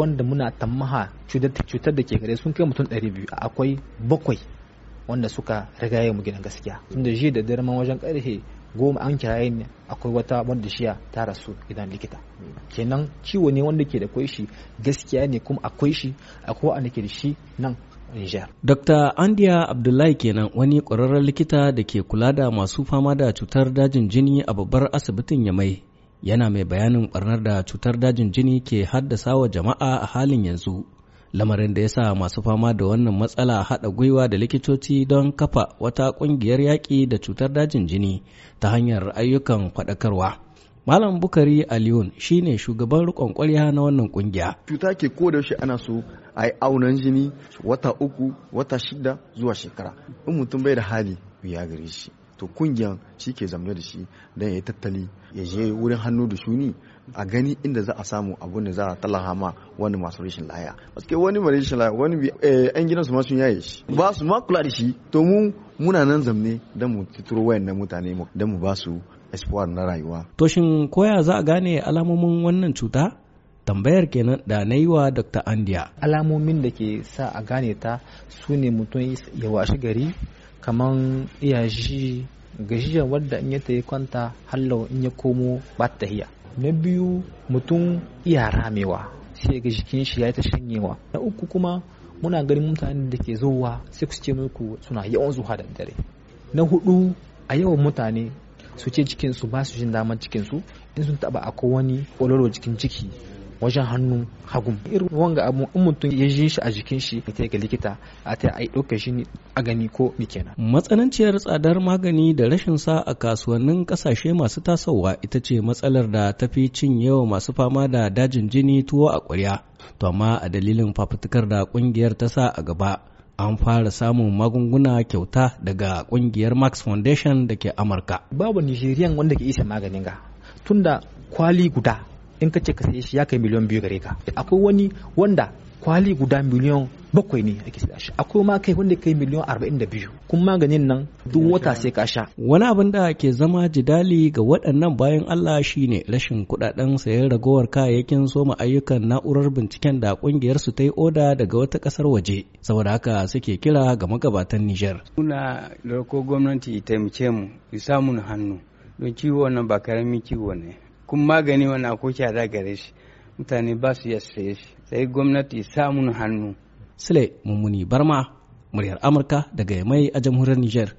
wanda muna tammaha cutar da ke gare sun kai mutum 200 akwai bakwai wanda suka rigaye mu gidan gaskiya da shi da dare wajen karfe goma an kira ne akwai wata wanda shiya ta rasu gidan likita kenan ciwo ne wanda ke da kwai shi gaskiya ne kuma akwai shi akwai wanda ke da shi nan Nijar. Dr. Andiya Abdullahi kenan wani ƙwararren likita da ke kula da masu fama da cutar dajin jini a babbar asibitin ya mai. yana mai bayanin barnar da cutar dajin jini ke haddasa wa jama'a a halin yanzu lamarin da ya sa masu fama da wannan matsala haɗa gwiwa da likitoci don kafa wata ƙungiyar yaƙi da cutar dajin jini ta hanyar ayyukan faɗakarwa Malam Bukari a shi shine shugaban rikon kwarya na wannan ƙungiya. Cuta ke ko da shi ana so a yi aunan jini wata uku, wata shida zuwa shekara. In mutum bai da hali, ya gare shi. wato kungiyan shi ke zamne da shi don ya yi tattali ya je wurin hannu da shuni a gani inda za a samu abu ne za a talaha ma wani masu rashin laya paske wani mai rashin laya wani bi yan eh, gidansu ma sun yaye shi ba su ma kula da shi to mu muna nan zamne don mu tuturo wayannan mutane don mu ba su espoir na rayuwa to shin koya za a gane alamomin wannan cuta tambayar kenan da na yi wa dr andiya alamomin da ke sa a gane ta su ne mutum ya washe gari kamar iyashi gajiya wadda in ya yi kwanta hallau in ya komo ba na biyu mutum iya ramewa sai ga jikin shi ya ta shanyewa na uku kuma muna ganin mutane da ke zowa sai ku ce muku suna yawan zuwa da dare na hudu a yawan mutane su ce cikinsu ba su jin damar cikinsu in sun taba akwai wani kololo cikin ciki wajen hannu hagun irin wanga abu in mutum ya ji shi a jikin shi ya ga likita a ta a dauka shi a gani ko mi kenan matsananciyar tsadar magani da rashin sa a kasuwannin kasashe masu tasowa ita ce matsalar da tafi cin yawa masu fama da dajin jini tuwo a kwarya to amma a dalilin fafutukar da ƙungiyar ta sa a gaba an fara samun magunguna kyauta daga kungiyar max foundation da ke amurka babu nigerian wanda ke isa maganin ga tunda kwali guda in ka ce ka sai shi ya kai miliyan biyu gare ka akwai wani wanda kwali guda miliyan bakwai ne ake siya shi akwai ma kai wanda kai miliyan arba'in da biyu kun maganin nan duk wata sai ka sha wani abin da ke zama jidali ga waɗannan bayan Allah shine rashin kuɗaɗen sayan ragowar kayayyakin soma ayyukan na'urar binciken da ƙungiyar su ta yi oda daga wata ƙasar waje saboda haka suke kira ga magabatan Nijar. Muna da ko gwamnati taimake mu, samun hannu, don ciwo wannan ba karamin ciwo ne. kun magani wani akwai kyada gare shi mutane ba su iya saye shi sai gwamnati samun hannu sule mummuni barma muryar amurka daga mai a jamhuriyar niger